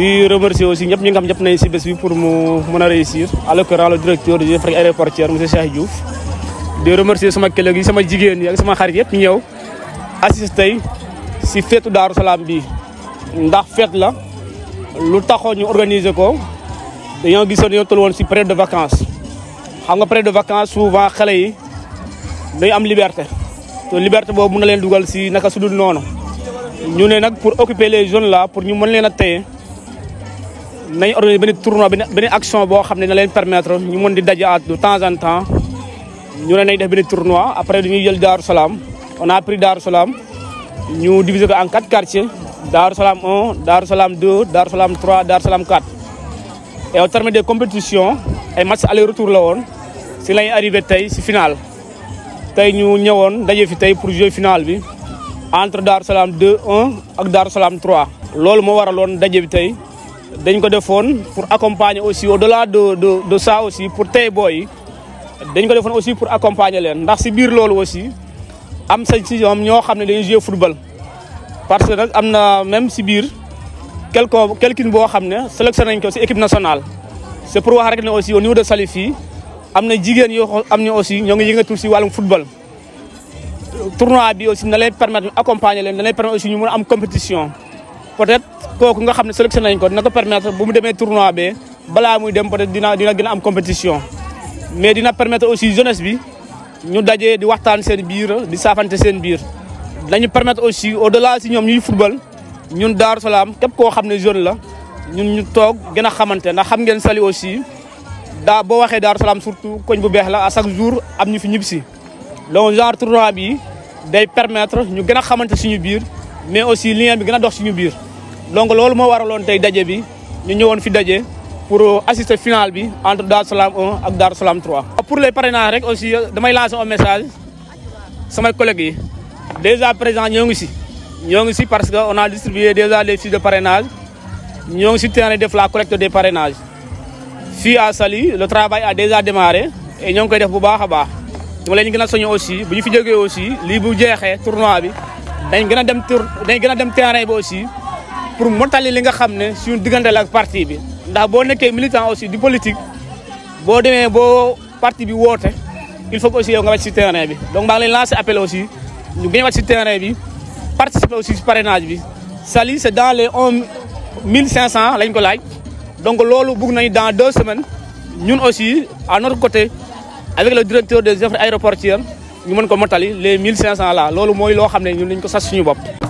di remercier aussi ñep ñi nga xam ñep nañ ci bés bi pour mu mëna réussir alors que le directeur de Afrique aéroportière monsieur Cheikh Diouf di remercier sama collègue yi sama jigéen yi ak sama xarit yëpp ñëw assist ci si daru salam bi ndax fête la lu taxoon ñu organiser ko dañoo gisoon yottul woon si période de vacances xam nga période de vacances souvent xale yi dañu am liberté te liberté boobu mën na leen dugal si naka sudul noonu ñu ne nag pour occuper les jeunes là pour ñu mën leen a téye nañ organiser benn tournoi benn action boo xam ne na leen permettre ñu mën di daje à de temps en temps ñu ne nañ def benn tournoi après dañuy jël Darou Salam on a pris Darou Salam ñu diviser ko en quatre quartiers Darou Salam 1 Darou Salam 2 Darou Salam 3 Darou Salam 4 et au terme des compétitions ay match aller retour la woon si lañ arrivé tey si finale tey ñu ñëwoon daje fi tey pour jouer finale bi entre Darou Salam 2 1 ak Darou Salam 3 loolu moo waraloon daje bi tey dañ ko defoon pour accompagner aussi au delà de de de ça aussi pour tey booy yi dañ ko defoon aussi pour accompagner leen ndax si biir loolu aussi am sa si ñoom ñoo xam ne dañuy jouer football. parce que nag am na même si biir quelque quelqu'un boo xam ne sélectionné nañ ko si équipe nationale. c'est pour wax rek ne aussi au niveau de Salif fii am na jigéen yoo am ne aussi ñoo ngi yëngatu si wàllum football. tournoi bi aussi na lay permettre accompagner leen na lay permettre aussi ñu mën a am compétition. peut-être kooku nga xam ne sélectionné nañ ko dina ko permettre bu mu demee tournoi bi balaa muy dem peut-être dina dina gën a am compétition mais dina permettre aussi jeunesse bi ñu dajee di waxtaan seen biir di saafante seen biir dañu permettre aussi au delà si ñoom ñuy football ñun daaru salaam képp koo xam jeune la ñun ñu toog gën a ndax xam ngeen sali aussi da boo waxee daaru salaam surtout koñ bu beex la à chaque jour am ñu fi ñib si donc genre tournoi bi day permettre ñu gën a suñu biir mais aussi lien bi gën dox suñu biir donc loolu moo waraloon tey daje bi ñu ñëwoon fi daje pour assister finale bi entre Darou Salam 1 ak Darou Salam 3. pour les parrainages rek aussi damay lancer un message samay collègues yi déjà présent ñoo ngi si. ñoo ngi si parce que on a des déjà les fiches de parrainage ñoo si terrain def la collecte des parrainages fii à sali le travail a déjà démarré et ñoo ngi koy def bu baax a baax. dama leen gën a soñu aussi bu ñu fi jógee aussi lii bu jeexee tournoi bi dañ gën a dem tour dañ gën dem terrain bi aussi. pour mottali les gens qui ne suñu la ak parti bi ndax militant aussi du politique boo demee parti bi il faut aussi yow nga donc maa ngi lancer appel aussi Nous gën citer un si participer aussi au parrainage bi c'est dans les 1500 500. donc dans deux semaines nous aussi à notre côté avec le directeur des affaires aéroportières nous mën ko les 1500 là Lolo moi loo xam ne ñun dañ ko